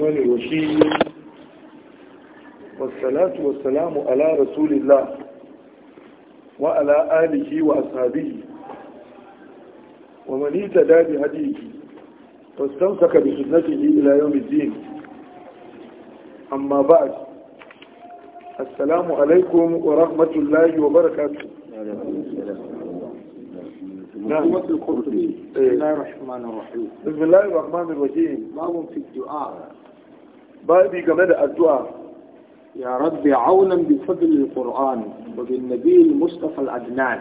الرحمن الرحيم والصلاة والسلام على رسول الله وعلى آله وأصحابه ومن اهتدى بهديه واستمسك بسنته إلى يوم الدين أما بعد السلام عليكم ورحمة الله وبركاته نعم. بسم الله الرحمن الرحيم بسم الله الرحمن الرحيم باب في الدعاء babi game da addu'a ya rabbi aunan bi fadlil qur'an wa bin nabiyil mustafa al-adnan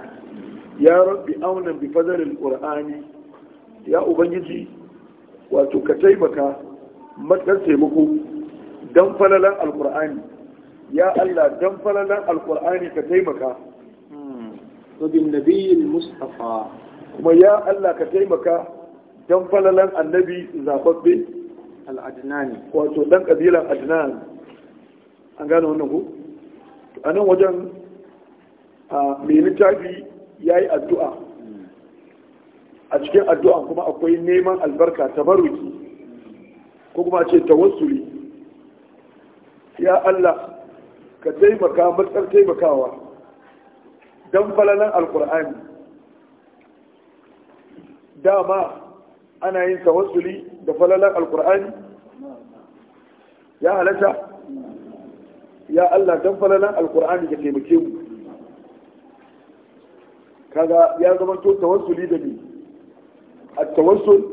ya rabbi aunan bi fadlil qur'ani ya ubangiji wato ka taimaka matsar taimako dan falalan al alqur'ani ya Allah dan falalan al alqur'ani ka taimaka hmm. wa bin nabiyil mustafa kuma ya Allah ka taimaka dan falalan annabi zababbe Al'adunani. wato ɗan kabilan al'adunani. an gane wannan ku a nan wajen mai littafi ya yi addu'a a cikin addu'a kuma akwai neman albarka ta maruki, ko kuma ce ta wasuri ya Allah ka taimaka matsar taimakawa don falalan al’ur'ani dama ana yin tawassuli da falalan alkur'ani ya halatta ya Allah dan falalan alkur'ani ka taimake mu kaga ya zama to tawassuli da ni التوسل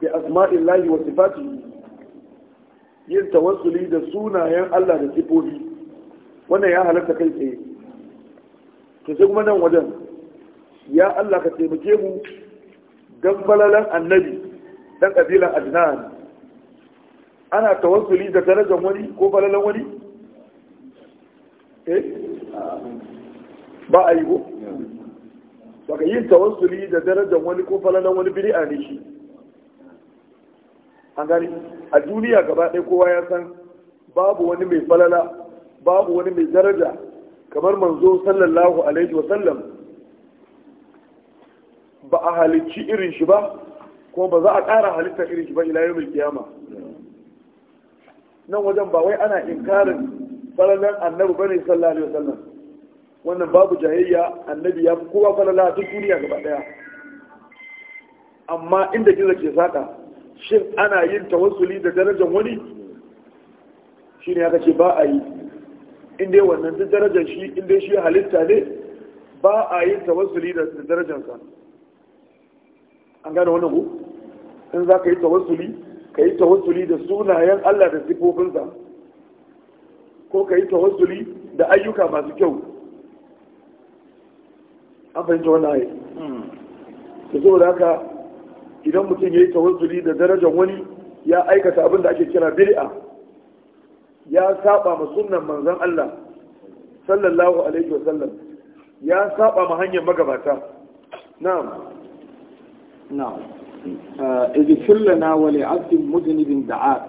بأسماء wa وصفاته yin tawassuli da sunayen Allah da sifofi wannan ya halatta kai tsaye to sai kuma nan wajen ya Allah ka taimake mu don balalan annabi dan ƙabilan adnan ana tawassuli da darajar wani ko balalan wani eh ba a yi ko saka yin tawassuli da darajar wani ko balalan wani bi ne shi an gani a duniya gaba ɗaya kowa ya san babu wani mai falala babu wani mai daraja kamar manzo sallallahu alaihi wa sallam ba a halicci irin shi ba kuma ba za a ƙara halitta irin shi ba ila yau kiyama nan wajen ba wai ana inkarin falalan annabi bane sallallahu alaihi wasallam wannan babu jahiliya annabi ya fi kowa falala duk duniya gaba daya amma inda gizo ke saka shin ana yin tawassuli da darajar wani ne aka ce ba a yi inda wannan duk darajar shi inda shi halitta ne ba a yin tawassuli da darajarsa an gane wani ku in za ka yi tawassuli ka yi tawassuli da sunayen Allah da sifofinsa ko ka yi tawassuli da ayyuka masu kyau an fahimta wannan ayi da saboda haka idan mutum ya yi tawassuli da darajar wani ya aikata abin da ake kira bid'a ya saba ma sunan manzan Allah sallallahu alaihi wasallam ya saba ma hanyar magabata na'am na'am اغفر لنا ولعبد مذنب دعاك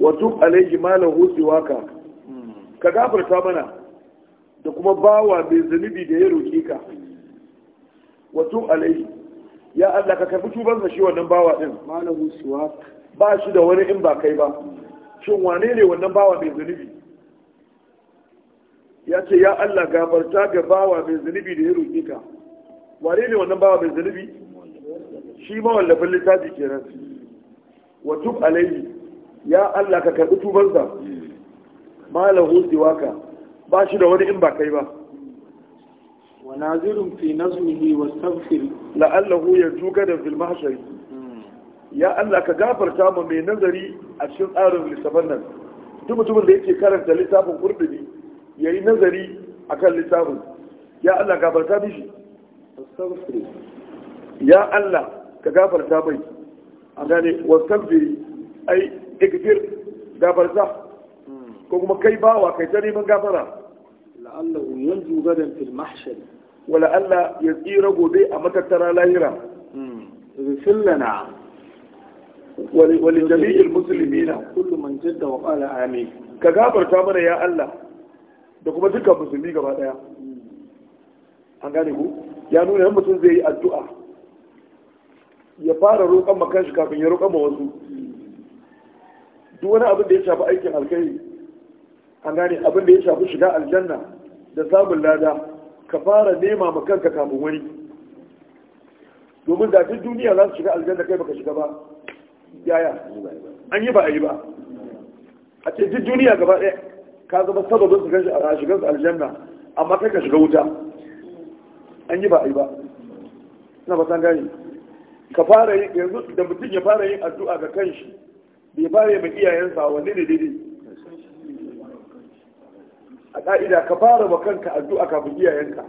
وتب عليه ما له سواك ka gafarta mana da kuma bawa mai zunubi da ya roƙe ka wato alai ya Allah ka karbi tubansa shi wannan bawa din malahu suwa ba shi da wani in ba kai ba shin wane ne wannan bawa mai zunubi ya ce ya Allah gafarta ga bawa mai zunubi da ya roƙe ka wane ne wannan bawa mai zunubi shi mawallafin littafi nan. wa tub alayhi ya Allah ka karbi tubansa malahu siwaka ba shi da wani in ba kai ba wa nazirun fi nazmihi wastaghfir la'allahu juga da fil mahshari hmm. ya Allah ka gafarta mu mai nazari a cikin tsarin littafin nan duk mutumin da yake karanta littafin ya yayi nazari akan littafin ya Allah gafarta mishi ya Allah ka gafarta bai a gane wasan biri ai ikfir gafarta ko kuma kai bawa kai ta neman gafara la'allahu yanzu gadan fil mahshar wala Allah ya tsira gobe a matattara lahira sillana wali jami'il muslimina kullu man jadda wa qala amin ka gafarta mana ya Allah da kuma dukkan musulmi gaba daya an gane ku ya nuna yan mutum zai yi addu'a ya fara roƙon ma kanshi kafin ya roƙon ma wasu duk wani abin da ya shafi aikin alkhairi an gane abin da ya shafi shiga aljanna da samun lada ka fara nema ma kanka kafin wani domin da duniya za su shiga aljanna kai baka shiga ba yaya an yi ba a yi ba a ce duk duniya gaba ɗaya ka zama sababin su a shigar su aljanna amma kai ka shiga wuta an yi ba a yi ba na ba san gane ka fara yi yanzu da mutum ya fara yin addu'a ga kanshi bai fara mai iyayensa wanne ne dai-dai? a ka'ida ka fara wa kanka addu'a kafin iyayenka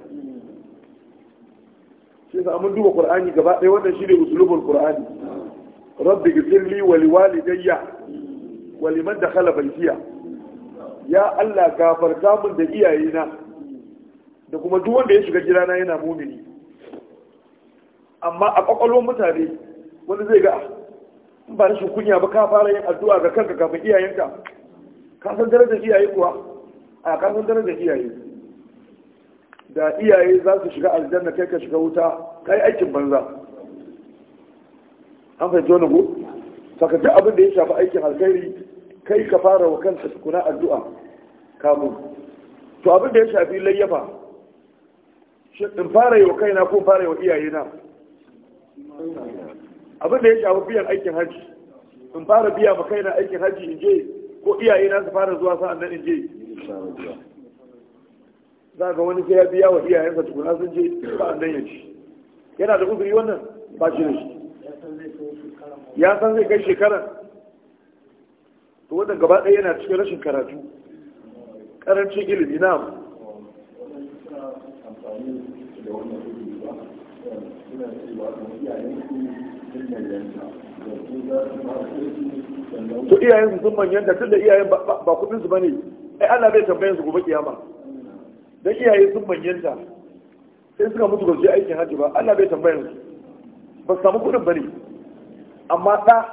shi sa mun duba qur'ani gaba ɗaya wannan shine usulubul qur'ani rabbi gfirli wa liwalidayya wa liman dakhala baytiya ya Allah gafarta mun da iyayena da kuma duk wanda ya shiga gidana yana mumini amma a ƙwaƙwalwar mutane wani zai ga in ba rashin kunya ba ka fara yin addu'a ga kanka kafin iyayenka ka san darajar iyaye kuwa a ka san darajar iyaye da iyaye za su shiga aljanna kai ka shiga wuta kai aikin banza an fahimci wani ko saka duk abin da ya shafi aikin alkhairi kai ka fara wa kanka tukuna addu'a kamun to abin da ya shafi layyafa in fara yi wa kaina ko fara yi wa iyayena abin da ya shafi biyan aikin haji in fara biya ma kaina aikin haji in je ko iyaye na su fara zuwa sa'an nan in je za ga wani sai ya biya wa iyayensa tukuna sun je sa'an nan ya ci yana da uzuri wannan ba shi da shi ya san zai kai shekara to wannan gaba ɗaya yana cikin rashin karatu ƙarancin ilimi na amfani da wannan suna cewa iyayen su sun manyanta to iyayen su sun manyanta tun da iyayen ba kudin su bane ai Allah bai tambayen su gobe kiyama da iyaye sun manyanta sai suka mutu gaje aikin haji ba Allah bai tambayen su ba su samu kudin bane amma da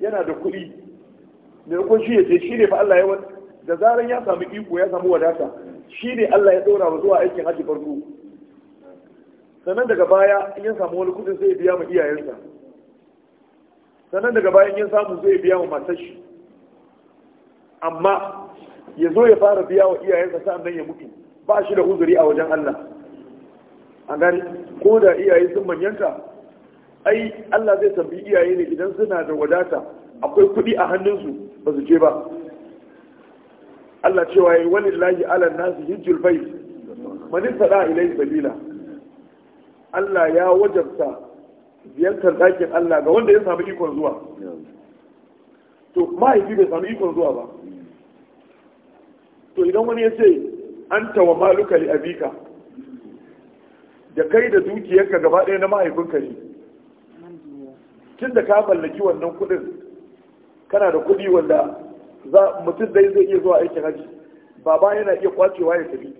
yana da kuɗi ne ko shi ya ce shi ne fa Allah ya da zaran ya samu iko ya samu wadata shi ne Allah ya dora zuwa aikin hajji farko sannan daga baya in ya samu wani kudin zai biya ma iyayensa sannan daga baya in ya samu zai biya ma matar shi amma ya zo ya fara biya wa iyayensa nan ya mutu ba shi da uzuri a wajen Allah a gani ko da iyaye sun manyanta ai Allah zai tambi iyaye ne idan suna da wadata akwai kuɗi a hannunsu ba su je ba Allah cewa yi walillahi ala nasu hijjul bai man istada ilai sabila Allah ya wajabta ziyartar ɗakin Allah ga wanda ya samu ikon zuwa to mahaifi bai samu ikon zuwa ba to idan wani ya ce an tawa maluka li abika da kai da dukiyarka gaba ɗaya na mahaifinka ne tun da ka mallaki wannan kuɗin kana da kuɗi wanda mutum dai zai iya zuwa aikin haji baba yana iya kwacewa ya tafi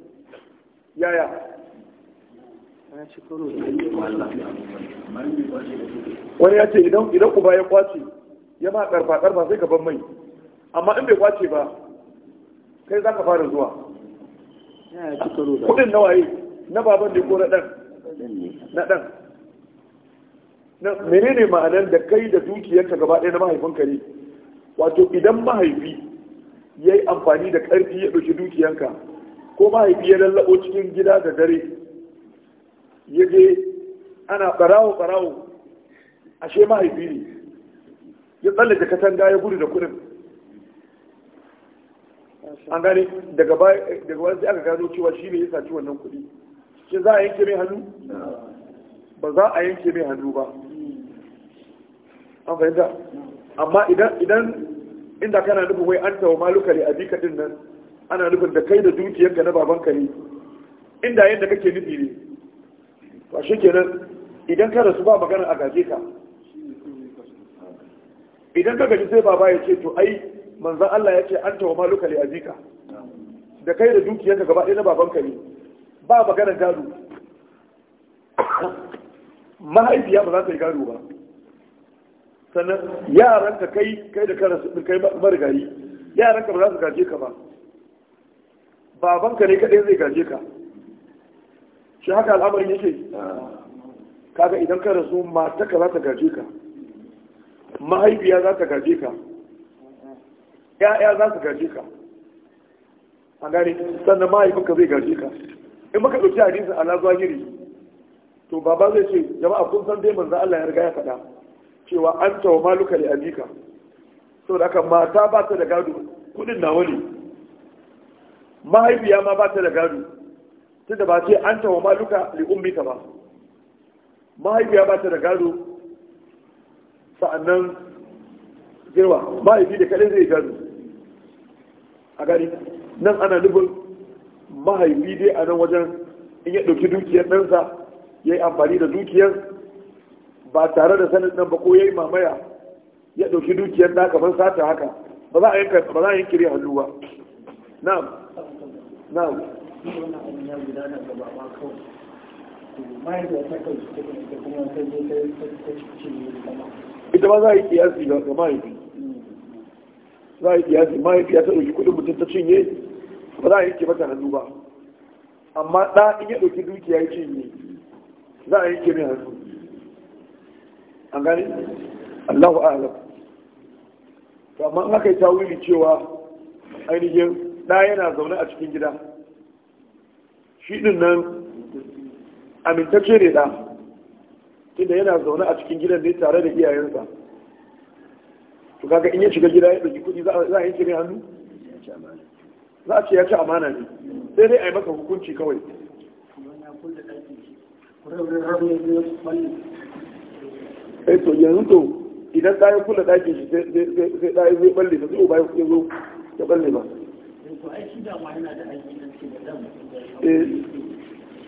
yaya wani ya ce idan uba ya kwace ya ma karfa karfa sai ka mai amma in bai kwace ba kai za ka fara zuwa kudin nawa yi na baban ne ko na dan na dan menene ma'anar da kai da dukiyarka gaba ɗaya na mahaifin kare, wato idan mahaifi ya yi amfani da ƙarfi ya ɗauki dukiyarka ko mahaifi ya lallaɓo cikin gida da dare Yaje. ana barawo barawo ashe mahaifi ne ya tsallake katanga ya gudu da kudin an gane daga wani sai aka gano cewa shi ne ya saci wannan kudi shi za a yanke mai hannu ba za a yanke mai hannu ba an fahimta amma idan inda kana nufin wai an tawa malukari a jika din nan ana nufin da kai da dukiyanka na babanka ne inda yadda kake nufi ne to kenan idan ka rasu ba magana a gaje ka idan ka gaji sai baba ya ce to ai manzan Allah ya ce an tawa maluka a zika da kai da dukiyarka gaba ɗaya na babanka ne ba maganar gado mahaifiya ba za ta yi gado ba sannan yaran ka kai kai da karasu ɗin kai marigayi yaran ka ba za su gaje ka ba babanka ne kaɗai zai gaje ka shi haka al'amarin yake kaga idan ka rasu mataka za ta gaje ka mahaifiya za ta gaje ka ya'ya za su gaje ka a gane sannan mahaifinka zai gaje ka in maka ɗauki hadisin ala giri to baba zai ce jama'a kun san dai za Allah ya riga ya faɗa cewa an tawa maluka da abika saboda haka mata ba ta da gado kuɗin nawa ne mahaifiya ma ba ta da gado tun da ba ce an tawa maluka li ba mahaifiya ba ta da gado sa'annan girma mahaifi da kaɗai zai gado a gari nan ana nufin mahaifi dai a nan wajen in ya ɗauki dukiyar ɗansa ya yi amfani da dukiyar ba tare da sanin nan ba ko ya yi mamaya ya ɗauki dukiyar ɗaka kamar sata haka ba za a yi kiri hannu ba na'am na'am wannan abin ya gudana ga baba kawai mahaifiya ta kai ta kuma ta je ta ce kama ita ba za a yi kiyasi ga mahaifi za a yi kiyasi ya ta ɗauki kuɗin mutum ta cinye ba za a yi ke mata hannu ba amma ɗa in ya ɗauki dukiya ya cinye za a yi ke mai hannu an gani allahu a'alam to amma in aka yi tawili cewa ainihin ɗa yana zaune a cikin gida shi din nan amintacce ne da inda yana zaune a cikin gidan ne tare da iyayensa to kaga in ya shiga gida ya ɗauki kuɗi za a yi ne hannu za a ce ya ci amana ne sai dai a yi maka hukunci kawai eh to yanzu to idan ɗaya kula ɗakin shi sai ɗaya zai balle ba zai ba ya zo ya balle ba Eh.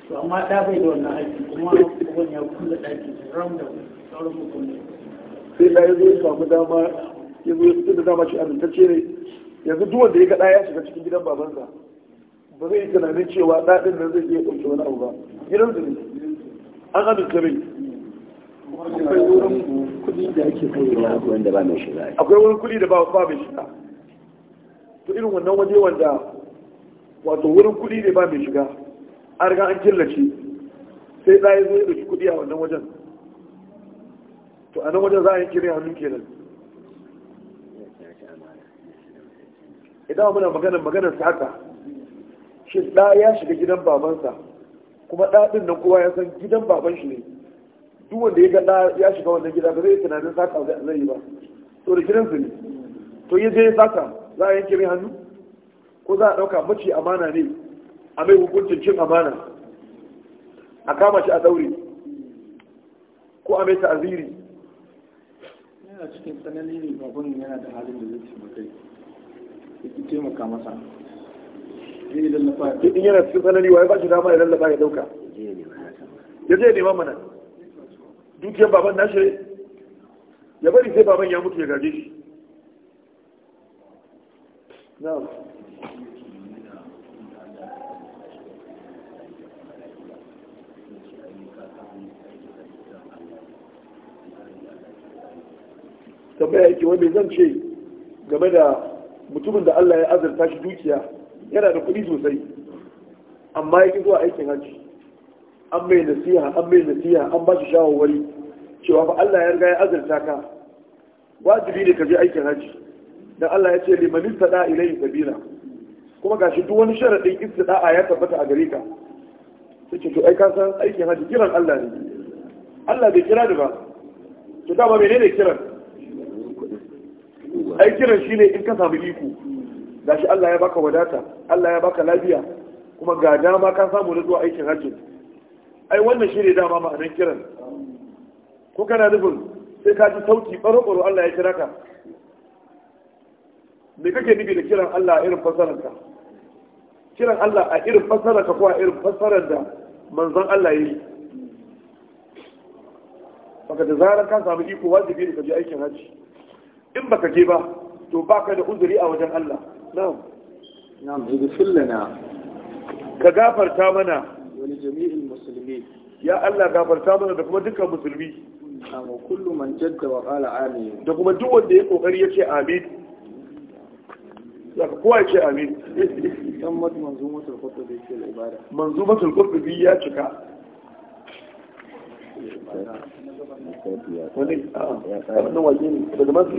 to amma da bai da wannan aiki kuma uban ya kulle ɗaki ram da sauran mutane sai da ya zo ya samu dama ya zo da dama shi amintacce ne yanzu duk wanda ya ga ya shiga cikin gidan babansa ba zai yi tunanin cewa daɗin nan zai iya ɗauke wani abu ba gidan ne an amince mai akwai wurin kuɗi da ake kai wanda ba mai shiga akwai wurin kuɗi da ba mai shiga to irin wannan waje wanda wato wurin kuɗi ne ba mai shiga a riga an killace sai ɗaya zo ya ɗauki kuɗi a wannan wajen to a nan wajen za a yi kiri hannun kenan idan muna maganar maganar sa haka shi ɗa ya shiga gidan babansa kuma ɗa ɗin nan kowa ya san gidan baban shi ne duk wanda ya ga ɗa ya shiga wannan gida ba zai tunanin saka zai yi ba to da gidansu ne to ya je ya saka za a yanke mai hannu ko za a ɗauka mace amana ne a mai hukuncin cin amana a kama shi a daure? ko a mai ta'aziri yana cikin tsanani ne babban yana da halin da zai taimaka ya ki taimaka masa in yana cikin tsanani wa ya ba shi dama ya lallaba ya ɗauka ya je nema mana dukiyar baban nashi ya bari sai baban ya mutu ya gaje shi na'am tambaya yake wai zan ce game da mutumin da Allah ya azurta shi dukiya yana da kuɗi sosai amma ya zuwa aikin hajji an mai nasiha an mai nasiha an ba shi shawarwari cewa fa Allah ya riga ya azurta ka wajibi ne ka je aikin hajji dan Allah ya ce liman istada ilayhi sabila kuma gashi duk wani sharadin istida'a ya tabbata a gare ka sai to ai ka san aikin haji kiran Allah ne Allah bai kira da ba to dama menene kiran ai kiran shine in ka samu iko gashi Allah ya baka wadata Allah ya baka lafiya kuma ga dama ka samu da zuwa aikin haji ai wannan shine dama ma'anar kiran ko kana nufin sai ka ji sauki baro baro Allah ya kira ka me kake nufi da kiran Allah a irin fasararka kiran Allah a irin fasararka ko a irin fasarar da manzon Allah ya yi baka da zarar ka samu iko wajibi ne ka je aikin haji in baka je ba to baka da uzuri a wajen Allah na'am na'am ighfir lana ka gafarta mana Wani jami'in Musulmi. ya Allah gafarta mana da kuma dukkan musulmi amma kullu man jadda wa qala amin da kuma duk wanda ya kokari yace amin zaka kowa ya ce amin dan mat manzumatul qurtubi ce ibada manzumatul qurtubi ya cika wani a waje ne daga masu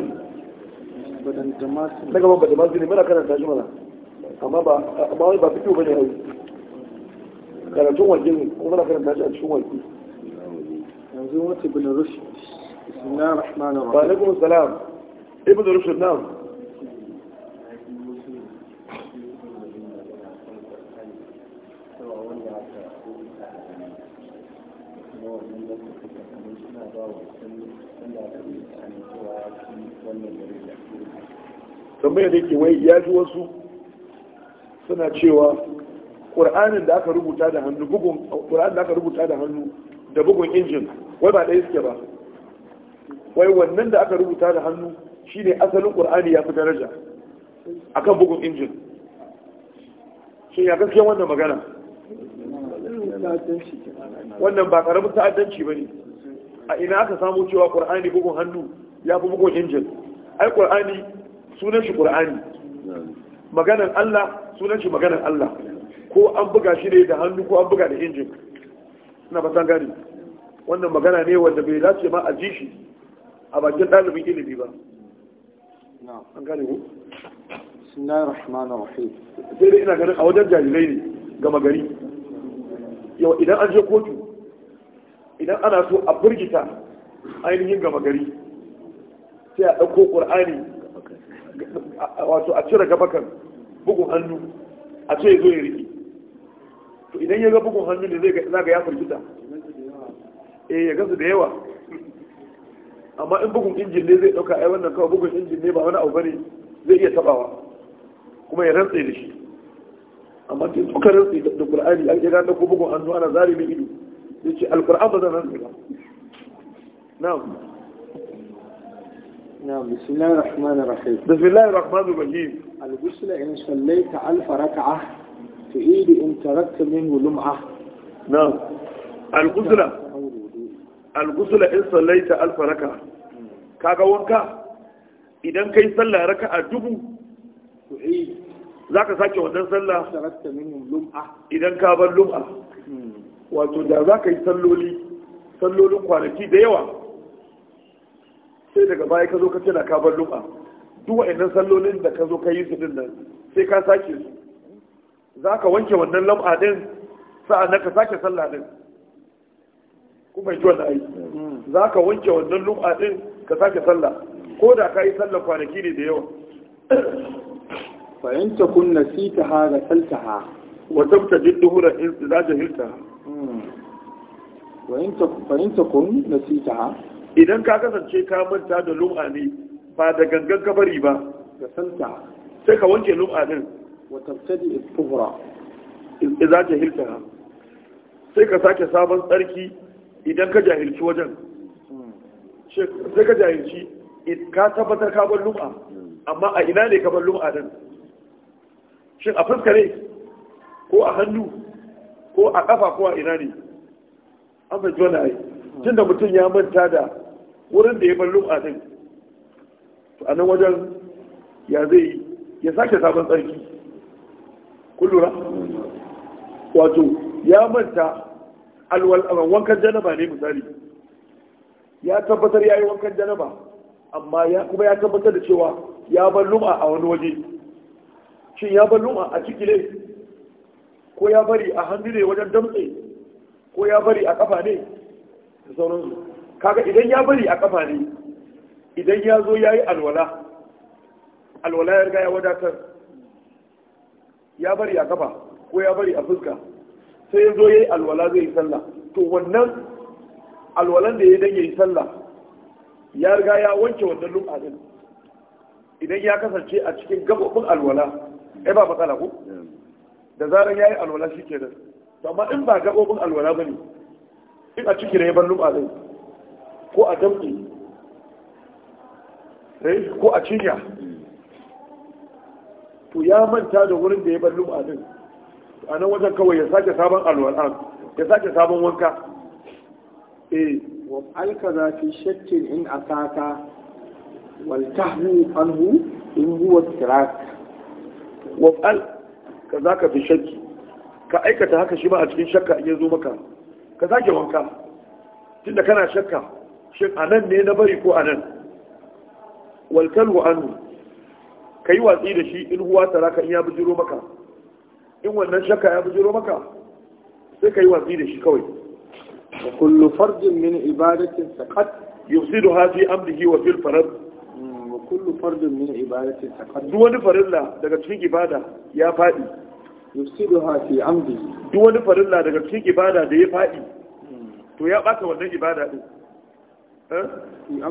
na gaban bada masu ne mana karanta shi mana amma ba amma wani ba fi kyau bane yau karatun waje ne kuma mana karanta shi a cikin waje yanzu wata bin rushd bismillahir rahmanir rahim wa alaikum salam ibn rushd na'am kamar da ke wai ya ji wasu suna cewa ƙur'anin da aka rubuta da hannu bugun ƙur'anin da aka rubuta da hannu da bugun injin wai ba ɗaya suke ba wai wannan da aka rubuta da hannu shine asalin ƙur'ani ya fi daraja akan bugun injin shi ya gaskiya wannan magana wannan ba ƙaramin ta'addanci ba ne a ina aka samu cewa ƙur'ani bugun hannu ya fi bugun injin ai ƙur'ani sunan shi qur'ani maganar Allah sunan shi maganar Allah ko an buga shi ne da hannu ko an buga da injin ina ba san gani wannan magana ne wanda bai dace ma a ji shi a bakin ɗalibin ilimi ba an gane ku sunan rahmanin rahim sai dai ina ganin a wajen jarirai ne gama gari yau idan an je kotu idan ana so a burgita ainihin gama gari sai a ɗauko ƙur'ani wato a cire kan bugun hannu a ce ya zo ya riki to idan ya ga bugun hannu ne zai ga ya furgita eh ya gasu da yawa amma in bugun injin ne zai dauka ai wannan kawai bugun injin ne ba wani abu bane zai iya tabawa kuma ya rantsa da shi amma duk suka rantsa da Qur'ani an ga da bugun hannu ana zalimi ido yace alquran ba zan rantsa ba na'am نعم بسم الله الرحمن الرحيم بسم الله الرحمن الرحيم الغسل إن صليت ألف ركعة تعيد إن تركت منه لمعة نعم الغسل الغسل إن صليت ألف ركعة كاكا وانكا idan kai sallah raka'a dubu za ka ساكي wannan sallah تركت منه bar lum'a wato da za ka yi لي صلوا kwanaki da sai daga baya ka zo ka tana ka bar lum'a duk wa'annan sallolin da ka zo ka yi su din nan sai ka sake su za ka wanke wannan lum'a din sa'an ka sake sallah din kuma yi wannan aiki za ka wanke wannan lu'a din ka sake sallah ko da ka yi sallah kwanaki ne da yawa fa'in ta kun nasita ha ga saltaha wa tabtajid duhura in za jahilta hmm. fa'in ta kun ta ha idan ka kasance ka manta da lum'a ne ba da gangan kabari ba da santa sai ka wanke lum'a din wa tabtadi al-tuhra idza jahiltaha sai ka sake sabon tsarki idan ka jahilci wajen sai ka jahilci ka tabbatar ka bar lum'a amma a ina ne ka bar lum'a din shin a fuska ne ko a hannu ko a kafa ko a ina ne an fahimci wani ai tunda mutum ya manta da wurin da ya bar lum'a din to a nan wajen ya zai ya sake sabon tsarki kun lura wato ya manta alwal wankan janaba ne misali ya tabbatar ya yi wankan janaba amma ya kuma ya tabbatar da cewa ya bar lum'a a wani waje shin ya bar lum'a a ciki ne ko ya bari a hannu ne wajen damtse ko ya bari a kafa ne da sauransu kaga idan ya bari a kafa ne idan ya zo ya yi alwala alwala ya riga ya wadatar ya bari a kafa ko ya bari a fuska sai ya zo ya yi alwala zai yi sallah to wannan alwalan da ya dan ya yi sallah ya riga ya wanke wannan lum'a din idan ya kasance a cikin gabobin alwala ya ba matsala ko da zarar ya yi alwala shi ke da amma in ba gabobin alwala ba ne, in a ciki ne ya bar lum'a zai ko a damɗe eh, ko a cinya to ya manta da wurin da ya bar a nan, a nan wajen kawai ya sake sabon alwal'an ya sake sabon wanka eh wa za fi shakkin in a wal tahmu anhu in huwa tirak wa al ka fi shakki ka aikata haka shi ma a cikin shakka in ya zo maka ka sake wanka tunda kana shakka shin anan ne na bari ko anan walkalwa wa'anu. ka yi watsi da shi in huwa talaka in ya bujiro maka in wannan shakka ya bujiro maka sai ka yi watsi da shi kawai wa kullu farjin min ibadatin saqat yufsidu hafi amrihi wa fil farad hmm, wa kullu farjin min ibadatin saqat duk wani farilla daga cikin ibada ya fadi yusidu hafi amrihi duk wani farilla daga cikin ibada da ya fadi hmm. to ya bata wannan ibada din Eh?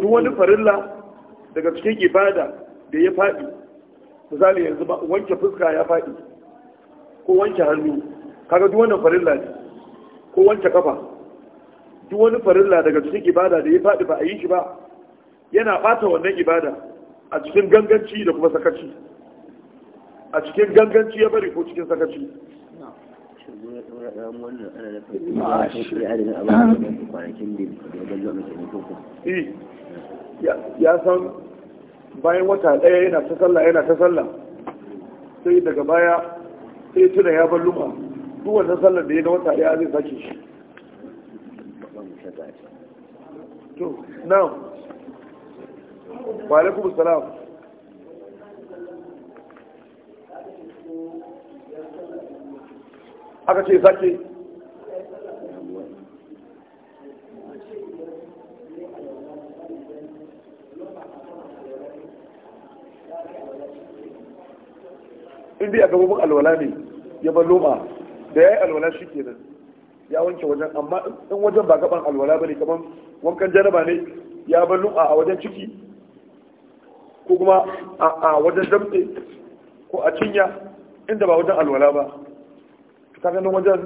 wani farilla daga cikin ibada da ya faɗi misali yanzu ba wanke fuska ya faɗi ko wanke hannu kaga duk wani farilla ne ko wanke kafa duk wani farilla daga cikin ibada da ya faɗi ba a yi shi ba yana ɓata wannan ibada a cikin ganganci da kuma sakaci a cikin ganganci ya bari ko cikin sakaci Eh, ya san bayan wata ɗaya yana ta sallah yana ta sallah sai daga baya sai tuna ya ban luma duk wannan sallar da ya na wata ɗaya zai sake shi to now wa alaikum salam aka ce sake indi a gabobin alwala ne ya ba loma da ya yi alwala shi kenan ya wanke wajen amma in wajen ba gaban alwala ba ne kamar wankan jaraba ne ya ba loma a wajen ciki ko kuma a wajen damte ko a cinya inda ba wajen alwala ba kaga nan wajen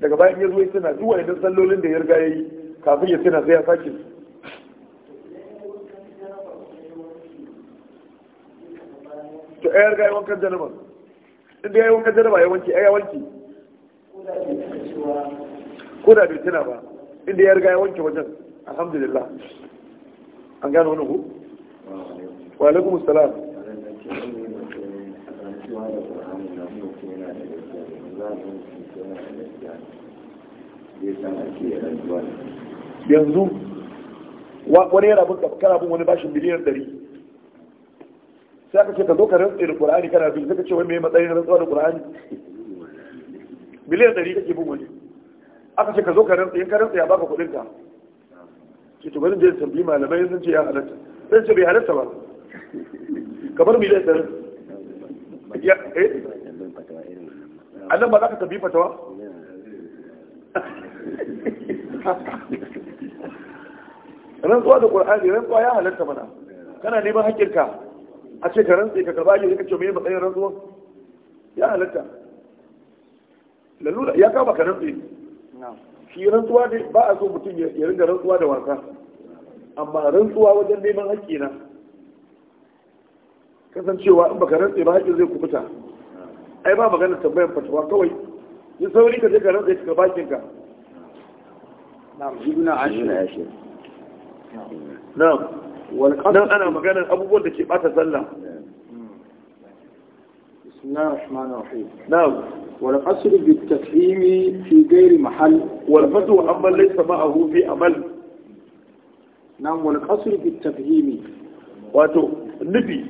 daga bayan ya zo ya tuna duk wa'annan sallolin da ya riga ya yi kafin ya tana sai ya sake su to ya riga ya wankan janaba inda ya yi wankan janaba ya wanki ya wanki ko da bai tana ba inda ya riga ya wanki wajen alhamdulillah an gano wani ku wa alaikum salam yanzu wani yana bin kana bin wani bashin miliyan ɗari sai aka ce ka zo ka rantsa da ƙur'ani kana bin zaka ce wai mai matsayin rantsuwa da ƙur'ani miliyan ɗari kake bin wani aka ce ka zo ka rantsa in ka rantsa ya baka kuɗin ka ce to bari je tambayi malamai sun ce ya halatta sai ce bai halatta ba kamar miliyan ɗari eh? a nan ba za ka tafi fatawa rantsuwa da ƙwar'ani rantsuwa ya halarta mana kana neman haƙƙinka a ce ka rantse ka karɓa ne ka ce mai matsayin rantsuwa ya halarta lalura ya kama ka rantsi shi rantsuwa ne ba a so mutum ya ringa rantsuwa da wasa amma rantsuwa wajen neman haƙƙina kasancewa in baka rantse ba haƙƙin zai kubuta ai ba maganar tambayar fatawa kawai yin sauri ka je ka rantsa ka bakin ka na'am ibnu ashir na'am wal qadar ana maganar abubuwan da ke bata sallah bismillahir rahmanir rahim na'am wal qasr bi tafhimi fi ghairi mahall wal fatu amma laysa ma'ahu fi amal na'am wal qasr bi tafhimi wato nufi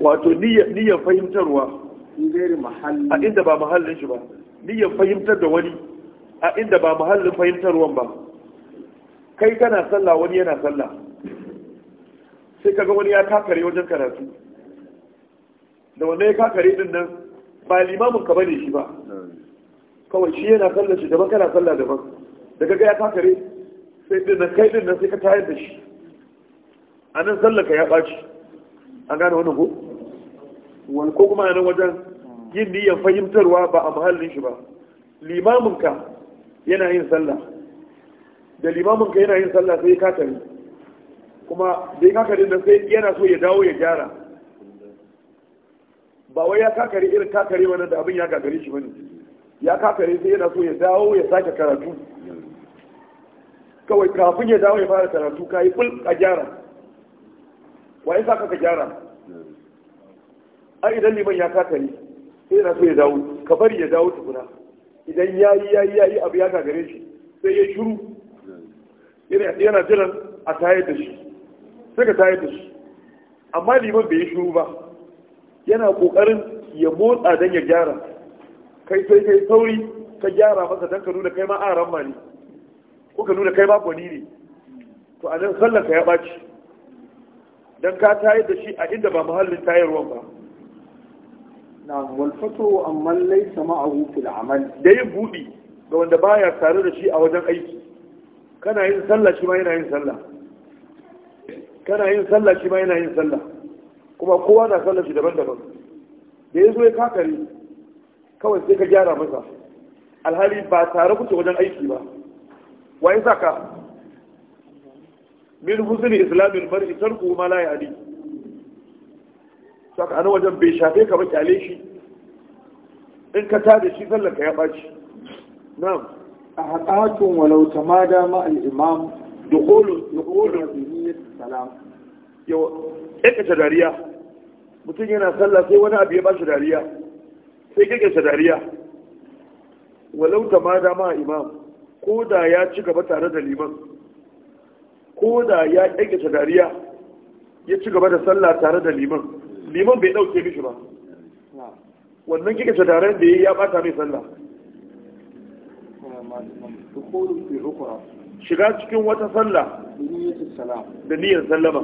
wato niyyar fahimtarwa a inda ba mahallin shi ba niyyar fahimtar da wani a inda ba mahallin fahimtarwan ba kai kana sallah wani yana sallah sai kaga wani ya kakare wajen karatu da wanda ya kakare din nan ba limamin ka bane shi ba kawai shi yana sallar shi daban kana sallah daban da kaga ya kakare sai din nan kai din nan sai ka tayar da shi a nan sallar ka ya ɓaci an gane wani ko wani ko kuma a nan wajen yin niyyar fahimtarwa ba a muhallin shi ba limaminka yana yin sallah da limaminka yana yin sallah sai katari kuma da ya kakari da sai yana so ya dawo ya gyara ba wai ya kakari irin kakari wani da abin ya kakari shi bane ya kakari sai yana so ya dawo ya sake karatu kawai kafin ya dawo ya fara karatu ka yi ful a gyara wa ya sa ka gyara a idan liman ya kakari sai na so ya dawo ka bari ya dawo tukuna idan ya yi ya yi ya yi abu ya gare shi sai ya shiru yana jiran a tayar da shi sai ka tayar da shi amma liman bai yi shiru ba yana kokarin ya motsa don ya gyara kai sai kai sauri ka gyara masa don ka nuna kai ma aran ma ne ko ka nuna kai ma gwani ne to a nan sallanka ya ɓaci don ka tayar da shi a inda ba muhallin tayarwan ba na'am wal fatu amma laysa ma'ahu fil amal da yin budi da wanda baya tare da shi a wajen aiki kana yin sallah shi ma yana yin sallah kana yin sallah shi ma yana yin sallah kuma kowa na sallah shi daban-daban da ya zo ya kakare kawai sai ka gyara masa alhali ba tare kuke wajen aiki ba wa ya saka min husni islamin mar'i tarku ma la ya'ni saka ana wajen bai shafe ka ba kyale shi in ka tada shi sallar ka ya ɓaci Na. a haƙatun walau tamada ma al-imam Da dukhulun bihi salam yau kake dariya mutum yana sallah sai wani abu ya ba shi dariya sai kake dariya walauta ma dama imam ko da ya ci gaba tare da liman ko da ya kake dariya ya ci gaba da sallah tare da liman liman bai dauke mishi ba wannan kika ce taron da ya bata mai sallah shiga cikin wata sallah da niyyar sallama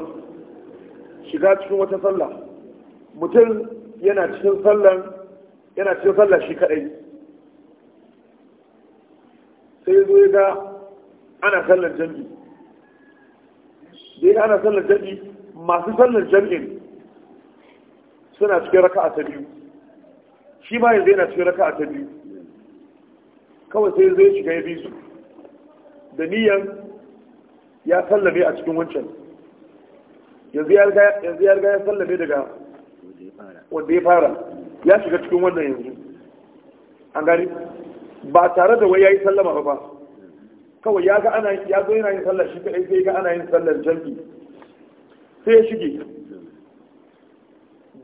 shiga cikin wata sallah mutum yana cikin sallan yana cikin sallah shi kadai sai zo ya ga ana sallar jami'i dai ana sallar jami'i masu sallar jami'i suna cikin raka a ta biyu shi ma yanzu yana cikin raka a ta biyu kawai sai zai shiga ya bi su da niyan ya sallame a cikin wancan yanzu ya riga ya sallame daga wanda ya fara ya shiga cikin wannan yanzu an gani ba tare da wai ya yi sallama ba kawai ya ga ana ya zo yana yin sallar shi kaɗai sai ga ana yin sallar jam'i sai ya shige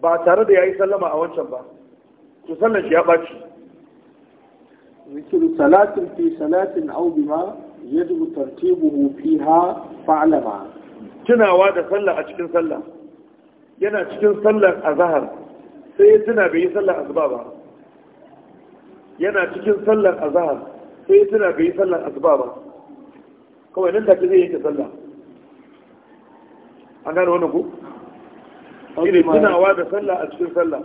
ba tare da ya yi sallama a wancan ba to sallan shi ya ɓaci zikiru salatin fi salatin au bima yajbu tartibuhu fiha fa'lama tunawa da sallah a cikin sallah yana cikin sallar azhar sai ya tuna bai yi sallar asuba ba yana cikin sallar azhar sai ya tuna bai yi sallar asuba ba kawai nan da take zai yanke sallah an gane wannan ku shine tunawa da sallah a cikin sallah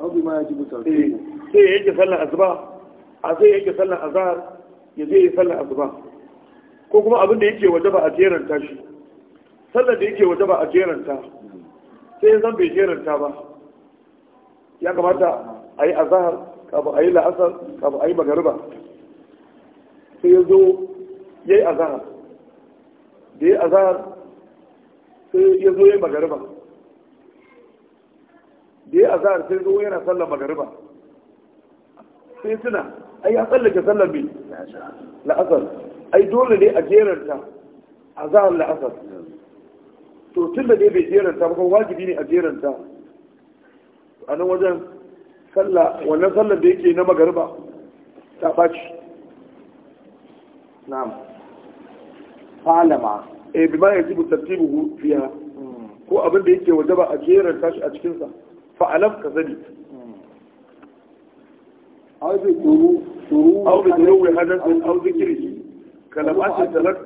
abu ma ya ji mutarfi eh, sai ya yake sallah asuba a sai ya yake sallah azhar ya zai yi sallah asuba ko kuma abin da yake wajaba a jeranta shi sallar da yake wajaba a jeranta sai ya zan bai jeranta ba ya kamata a yi azahar kafin a yi la'asar kafin a yi magariba sai ya zo ya yi azahar da ya yi azahar sai ya zo ya magariba da ya azahar sai zo yana sallar magariba sai suna ai ya tsallake sallar mai la'asar ai dole ne a jeranta azahar la'asar to tun da ne bai jeranta ba wajibi ne a jeranta a nan wajen wannan sallar da yake na magariba ta ɓaci na'am falama eh bima ya yajibu tartibuhu fiha ko abin da yake wajaba a jeran tashi a cikinsa. sa fa alam ka zabi aw bi turu turu aw bi turu hadathin aw dhikrihi kalamat tarak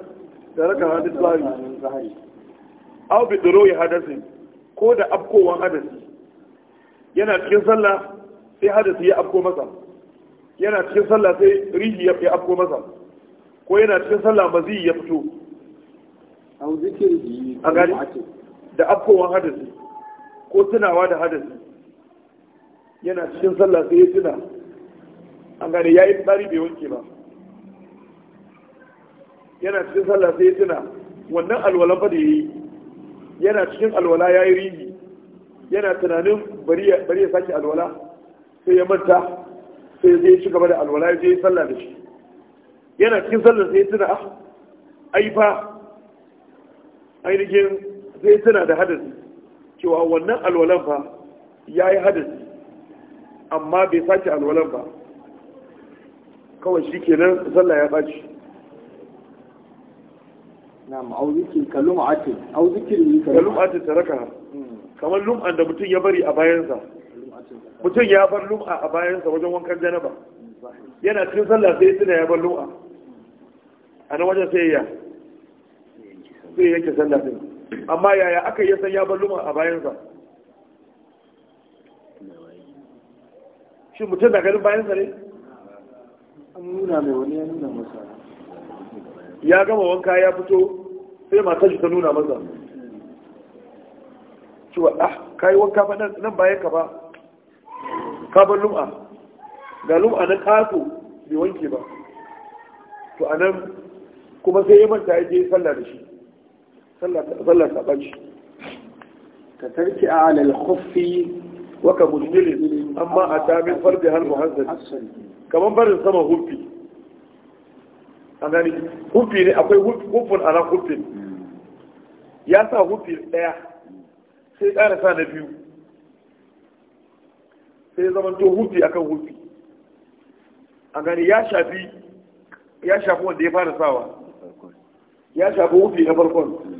taraka hadith zahiri aw bi turu hadathin ko da afkowan hadasi yana cikin sallah sai hadasi ya afko masa yana cikin sallah sai rihi ya afko masa ko yana cikin sallah mazi ya fito a gani da afkowan hadasi ko tunawa da hadasi yana cikin sallah sai ya tuna A gani ya yi tsari bai wanke ba yana cikin sallah sai ya tuna wannan alwalan fa da ya yi yana cikin alwala ya yi rini yana tunanin bari ya sake alwala sai ya manta sai ya zai ci gaba da alwala ya je sallah da shi yana cikin sallah sai ya tuna a ah, ai fa ainihin zai suna da hadasi cewa wannan alwalan fa ya yi hadasi amma bai sake alwalan ba kawai shi ke nan sallah ya ɓaci na au zikir ka lum'atin au zikir ka lum'atin taraka kamar lum'an da mutum ya bari a bayansa mutum ya bar lum'a a bayansa wajen wankan janaba yana cikin sallah sai tuna ya bar lum'a a nan wajen sai ya sai yanke sallah din amma yaya aka yi san ya bar luma a bayansa shi mutum na ganin bayansa ne an nuna mai wani ya nuna masa ya gama wanka ya fito sai matar shi ta nuna masa cewa ah kai wanka ba nan bayan ka ba ka bar lum'a ga lum'a na kato bai wanke ba to anan kuma sai ya manta ya je sallah da shi sallar ta ka tarki a alal khuffi wa ka amma a tamin farji har muhazzari kamar barin sama hufi a gani hufi ne akwai hufin ana hufin ya sa hufi ɗaya sai ƙara sa na biyu sai zamanto hufi akan hufi a gani ya shafi ya shafi wanda ya fara sawa ya shafi hufi na farkon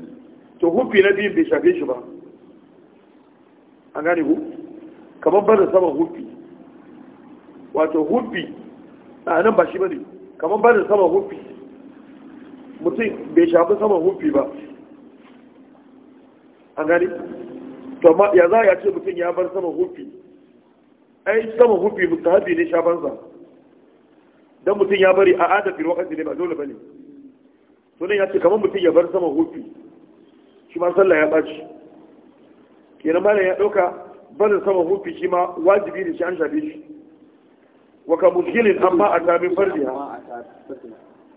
to hufi na biyun bai shafe shi ba an gane hufi kamar barin saman hufi wato hufi a nan ba shi ba ne kamar barin saman hufi mutum bai shafi saman hufi ba an gane to ma ya za a ce mutum ya bar saman hufi ai saman hufi mutum hafi ne shabanza don mutum ya bari a adafin wakasi ne ba dole ba ne sunan ya ce kamar mutum ya bar saman hufi shi ma sallah ya ɓaci kenan malam ya ɗauka barin sama hufi shi ma wajibi ne shi an shafe shi wa ka an amma a tamin farliya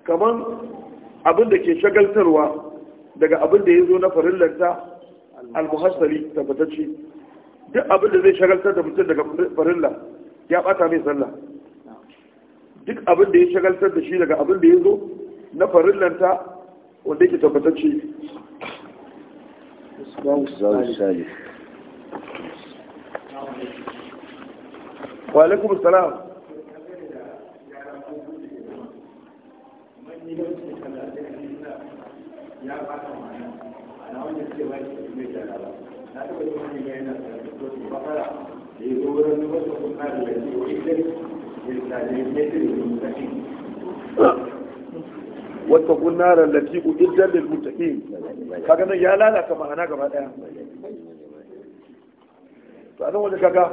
Kamar abin da ke shagaltarwa daga abin da ya zo na farillanta al-muhassali tabbatacce duk abin da zai shagaltar da mutum daga farilla ya ɓata mai sallah duk abin da ya shagaltar da shi daga abin da ya zo na farillanta wanda yake tabbatacce الصباح الثالث وعليكم السلام Thank you. wata gunarar lati uddar da muttaqin kaga nan ya lalata ma'ana gaba daya to anan wajen kaga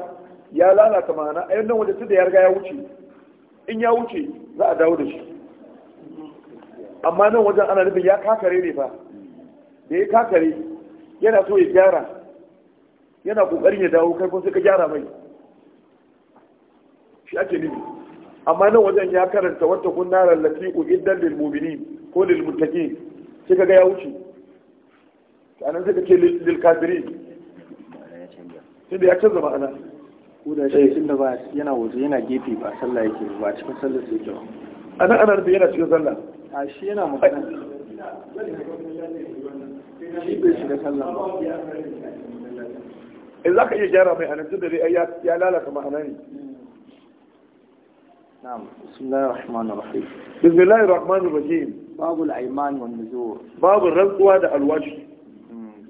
ya lalata ma'ana a nan wajen tunda ya riga ya wuce in ya wuce za a dawo da shi amma nan wajen ana nufin ya kakare ne fa da ya kakare yana so ya gyara yana kokarin ya dawo kai kun sai ka gyara mai shi ake nufi amma nan wajen ya karanta wata kunnar allati iddan lil mu'mini ko lil muttaqi sai kaga ya wuce kana sai kace lil kafiri sai ya canza ma'ana ko da shi tunda ba yana waje yana gefe ba sallah yake ba cikin sallar sai ke ana ana da yana cikin sallah a shi yana magana shi bai shiga sallah ba in eh, za ka iya gyara mai anan tunda dai ya lalata ma'ana ne نعم بسم الله الرحمن الرحيم بسم الله الرحمن الرحيم باب الايمان والنذور باب الرزوة ده الوجه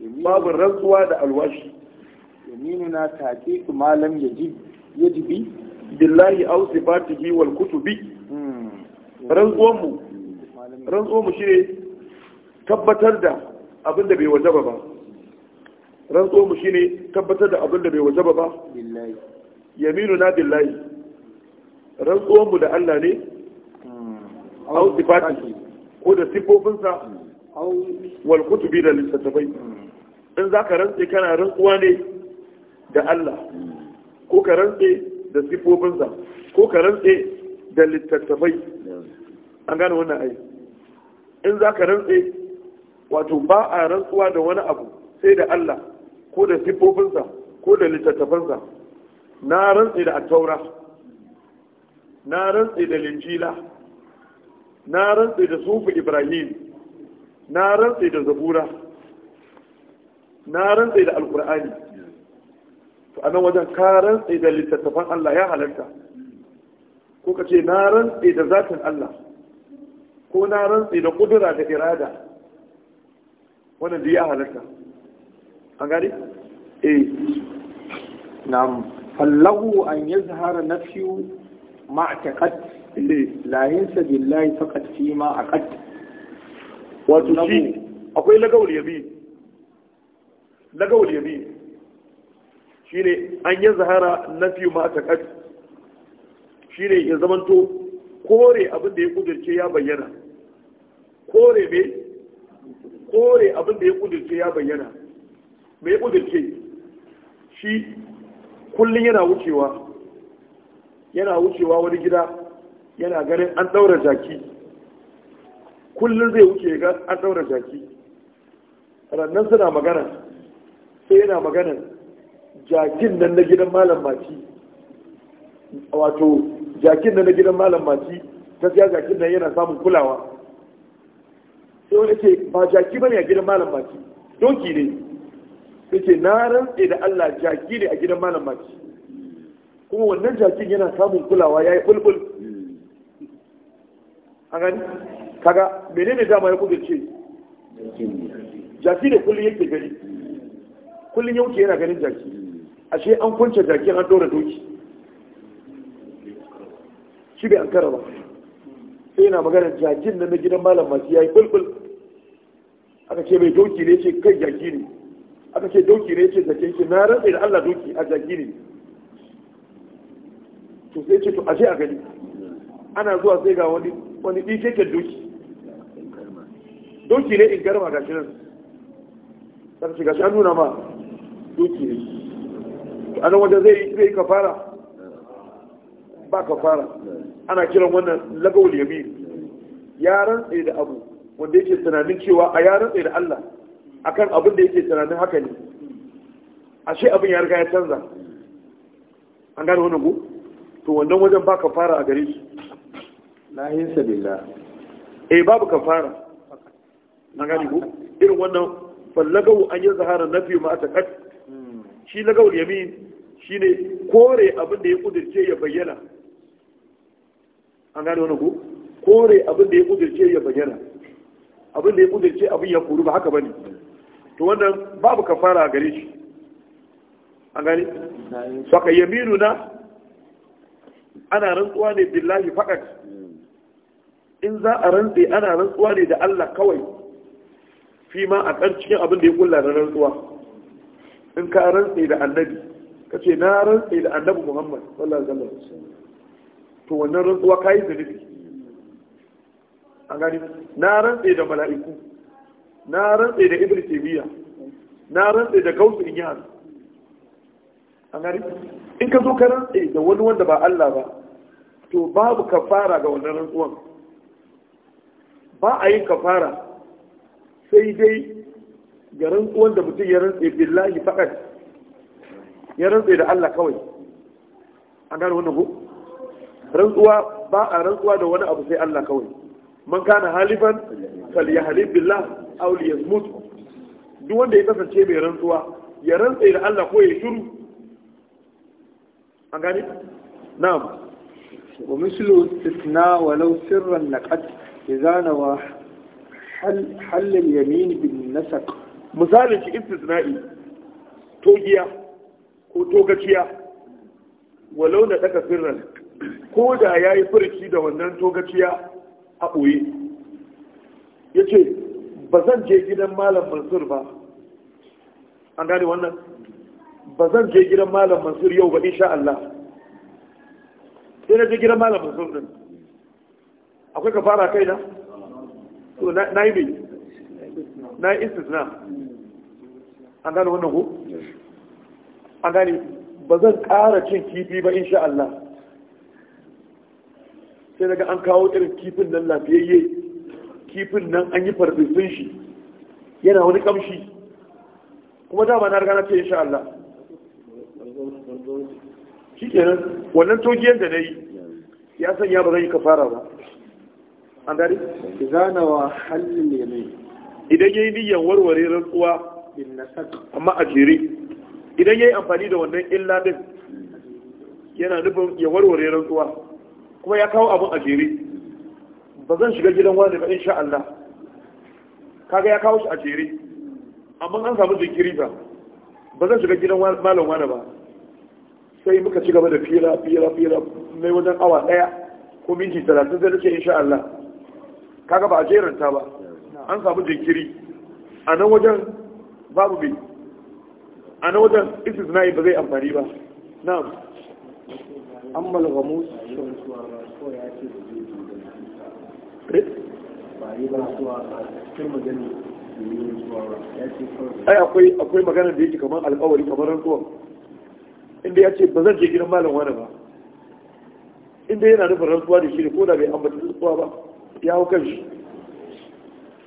باب الرزوة ده الوجه يميننا تاكيد ما لم يجب يجب بالله او صفاته والكتب رزوة rantsuwa شيء shine tabbatar da abin da bai wajaba ba rantsuwa mu shine tabbatar da abin da bai wajaba ba yaminu na billahi rantsuwanmu da Allah ne hmm. au sifati ko da sifofinsa hmm. wal kutubi da littattafai hmm. in za ka rantse kana rantsuwa ne da Allah ko ka rantse da sifofinsa ko ka rantse da littattafai an gane wannan ai in za ka rantse wato ba a rantsuwa da wani abu sai da Allah ko da sifofinsa ko da littattafansa na rantse da taura. na rantse da linjila na rantse da sufu ibrahim na rantse da zabura na rantse da alkur'ani to anan wajen ka rantse da littattafan Allah ya halarta ko ka ce na rantse da zatin Allah ko na rantse da kudura da irada wannan da ya halarta an gari? eh na fallahu an yazhara nafiyu ma taqat la yansa billahi faqat fi ma aqat wato shi akwai lagawul yabi lagawul yabi shine an yi zahara nafi ma Shi shine ya zamanto kore abin da ya kudirce ya bayyana kore me kore abin da ya kudirce ya bayyana me ya kudirce shi kullum yana wucewa yana wucewa wani gida yana ganin an daura jaki kullum zai wuce ga an daura jaki rannan suna magana sai yana magana jakin nan na gidan malam mati wato jakin nan na gidan malam mati siya jakin nan yana samun kulawa sai wani ce ba jaki bane a gidan malam mati doki ne sai ce na rantse da Allah jaki ne a gidan malam mati kuma wannan jakin yana samun kulawa ya yi bulbul a gani kaga menene dama ya kudurce jaki da kullum yake gani kullum yauke yana ganin jaki ashe an kunce jaki an dora doki shi bai an kara ba sai yana magana jakin nan na gidan malam masu ya yi bulbul aka ce mai doki ne ce kai jaki ne aka ce doki ne ce zakin ki na rantsa da Allah doki a jaki ne to sai ce to ashe a gani ana zuwa sai ga wani wani dikeken doki doki ne in garma ga nan sai ce gashi an nuna ma doki ne to anan wajen zai zai kafara ba kafara ana kiran wannan lagawul yami ya rantsa da abu wanda yake tunanin cewa a ya rantsa da Allah akan abin da yake tunanin haka ne ashe abin ya riga ya canza an gane wannan ku to wannan wajen ba ka fara a gare shi lahin sabila eh babu ka fara na gani ko irin wannan fallagau an yi zahara na fi ma ta hmm. shi lagau yami shi ne kore abin da ya kudirce ya bayyana an gane wani ko kore abin da ya kudirce ya bayyana abin da ya kudirce abin ya kuru ba haka bane to wannan babu ka fara a gare shi an gane saka yaminu na ana rantsuwa ne billahi fakat in za a rantsi ana rantsuwa ne da Allah kawai fi ma a kan cikin abin da ya kulla na rantsuwa in ka rantsi da annabi ka ce na rantsi da annabi Muhammad sallallahu alaihi wasallam to wannan rantsuwa kai zunubi an gani na rantsi da mala'iku na rantsi da ibnu taymiya na rantsi da gausu inyas an gari in ka zo ka rantse da wani wanda ba Allah ba to babu kafara ga wannan rantsuwan ba a yin kafara sai dai ga rantsuwan da mutum ya rantse billahi faqat ya rantse da Allah kawai an gane wannan ko rantsuwa ba a rantsuwa da wani abu sai Allah kawai man kana halifan falyahlib billah aw liyasmut duk wanda ya kasance mai rantsuwa ya rantse da Allah ko ya shiru an gani, na'am wa mislu istisna walau sirran laqad zana wa halin yamin bin nasaq misalin shi istisna'i togiya ko togaciya walau na daga sirran ko da ya yi furci da wannan togaciya a ɓoye ya ce ba zan je gidan malam mansur ba an gani wannan ba zan je gidan malam mansur yau ba insha Allah sai na je gidan malam mansur din akwai ka fara kai na to na yi bai na yi istisna an gane wannan ko an gane ba zan ƙara cin kifi ba insha Allah sai daga an kawo irin kifin nan lafiyayye kifin nan an yi farfesun shi yana wani kamshi kuma dama na riga na ce insha Allah shikenan wannan togiyar da na yi ya sanya ba zan yi kafara ba an gari zana wa halin ne idan yayi niyyar warware rantsuwa amma a jere idan yayi amfani da wannan illa din yana nufin ya warware rantsuwa kuma ya kawo abin a jere ba zan shiga gidan wani ba insha Allah kaga ya kawo shi a jere amma an samu jinkiri ba ba zan shiga gidan malam wani ba sai muka ci gaba da fira fira fira mai wajen awa daya ko minti talatin zai rike insha Allah kaga ba a jeranta ba an samu jinkiri a nan wajen babu bi a nan wajen isis na ba zai amfani ba na amma lagamu eh? ai akwai maganar da yake kamar alkawari kamar rantsuwa inda ya ce ba zan je gidan malam wani ba inda yana nufin rantsuwa da shi ne ko da bai ambata rantsuwa ba ya hau kan shi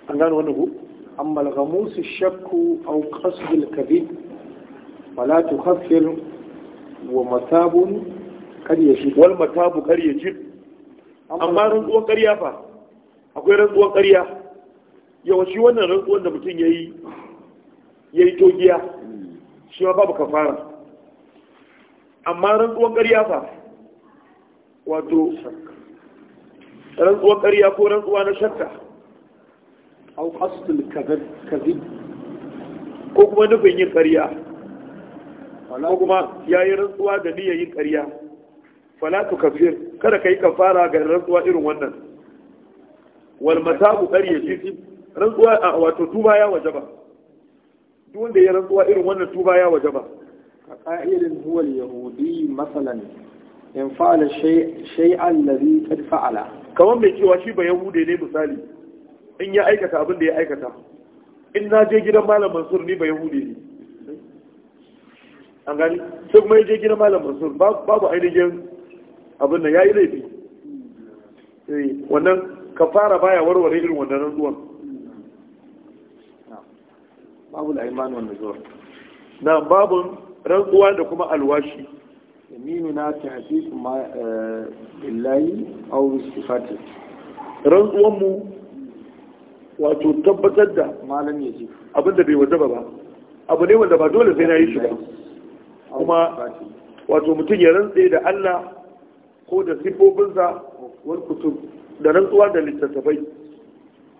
an gano wannan ku amma al su shakku aw qasdul kadhib fala tukhaffir wa matabun karye shi wal matabu karye ya jib amma rantsuwan karya fa akwai rantsuwan ƙarya yawanci wannan rantsuwan da mutum ya yi ya yi togiya shi ma babu kafara amma rantsuwar ƙarya fa wato rantsuwar ƙarya ko rantsuwa na shakka a qasdul kazi ko kuma nufin yin ƙarya ko kuma yi rantsuwa da niyan yin ƙarya falatu kafir kada kai kafara ga rantsuwa irin wannan Walmata ku ƙarya ce. rantsuwa wato tuba ya waje ba. duk wanda ya rantsuwa irin wannan tuba ya waje ba. فقائل هو Yahudi مثلا in fa'ala shay'an ladhi qad fa'ala kaman mai cewa shi ba yahude ne misali in ya aikata abin da ya aikata in na je gidan malam mansur ni ba yahude ne an gani sai kuma ya gidan malam mansur babu ainihin abin da ya yi laifi wannan kafara baya warware irin wannan rantsuwan babu al'iman wannan zuwa na babun rantsuwa da kuma alwashi yaminuna ta hadith ma eh, billahi aw sifati rantsuwan mu wato tabbatar da malam yaji abinda bai wajaba ba abu ne wanda ba dole sai na yi shi ba kuma wato mutum ya rantse da Allah ko da sifofinsa wal kutub da rantsuwa da littattafai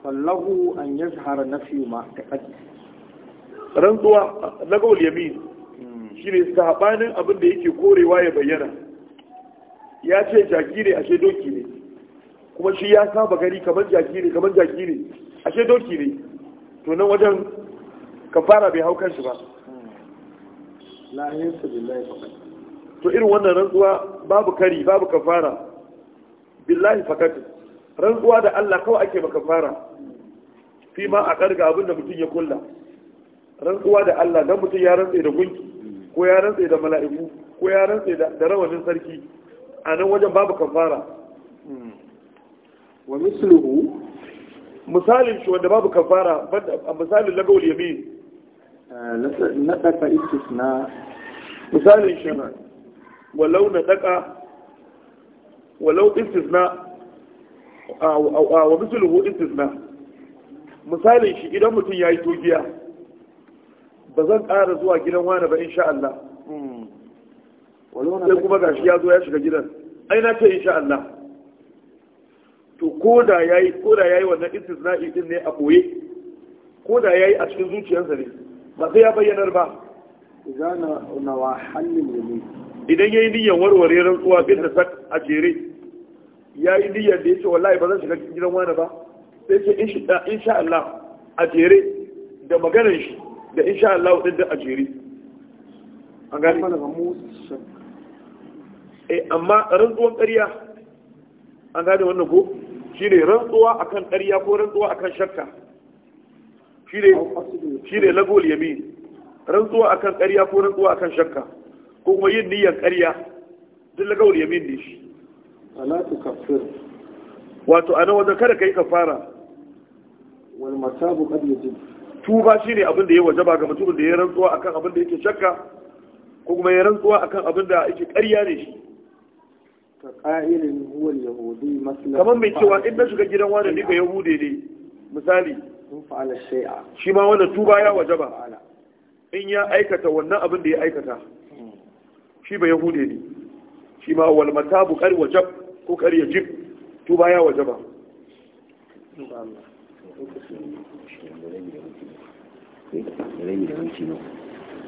fallahu an yazhara nafi ma taqaddam rantsuwa lagawul yamin shine sabanin abin da yake korewa ya bayyana ya ce jaki ne ashe doki ne kuma shi ya saba gari kamar jaki ne kamar jaki ne ashe doki ne to nan wajen fara bai hau kansu ba la billahi faqat to irin wannan rantsuwa babu kari babu kafara billahi fakat rantsuwa da Allah kawai ake maka fara fi ma a karga abin da mutum ya kulla rantsuwa da Allah dan mutum ya rantsa da gunki ko ya rantse da mala'iku ko ya rantse da rawanin sarki a nan wajen babu kafara wa misluhu misalin shi wanda babu kafara a misalin lagaw yamin eh, na daka istisna misalin shi walau na daka walau istisna wa misluhu istisna misalin shi idan mutum ya yi togiya ba zan ƙara zuwa gidan wani ba insha Allah sai kuma gashi ya zo ya shiga gidan ai na ce insha Allah to ko da yayi ko da yayi wannan istisna'i din ne a koye ko da yayi a cikin zuciyarsa ne ba sai ya bayyanar ba idan na wa halin idan yayi niyyar warware rantsuwa bin da sak a jere yayi niyyar da yace wallahi ba zan shiga gidan wani ba sai ce insha Allah a jere da maganar shi da insha Allah wadda da ajiri a gani mana ga mu eh amma rantsuwar ƙarya an gane wannan ko shine rantsuwa akan ƙarya ko rantsuwa akan shakka shine shine lagol yamin rantsuwa akan ƙarya ko rantsuwa akan shakka ko kuma yin niyyar ƙarya duk lagol yamin ne shi ala kafir wato ana wajen kada kai kafara wal matabu qad yajib tuba shi abin da ya wajaba ga mutumin da ya rantsuwa a abin da yake shakka ko kuma ya rantsuwa kan abin da yake ƙarya ne shi kamar mai cewa in na shiga gidan wani nika yahude ne misali shi ma wanda tuba ya wajaba in ya aikata wannan abin da ya aikata hmm. shi ba yahude ne shi ma walmata bukari wajab ko kar jib tuba ya wajaba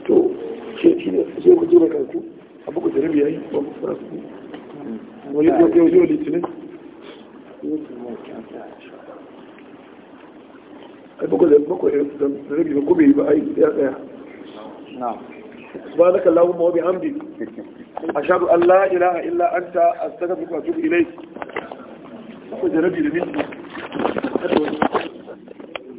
to shi shi ne sai ku jira kanku abu ku jira yayi ba ku fara ku wani yau yau yau litinin ai ba ku da ba ku da rabi ko bai ba ai ya tsaya na'am سبحانك اللهم وبحمدك أشهد أن لا إله إلا أنت أستغفرك وأتوب إليك أخذ ربي لمنك Thank you.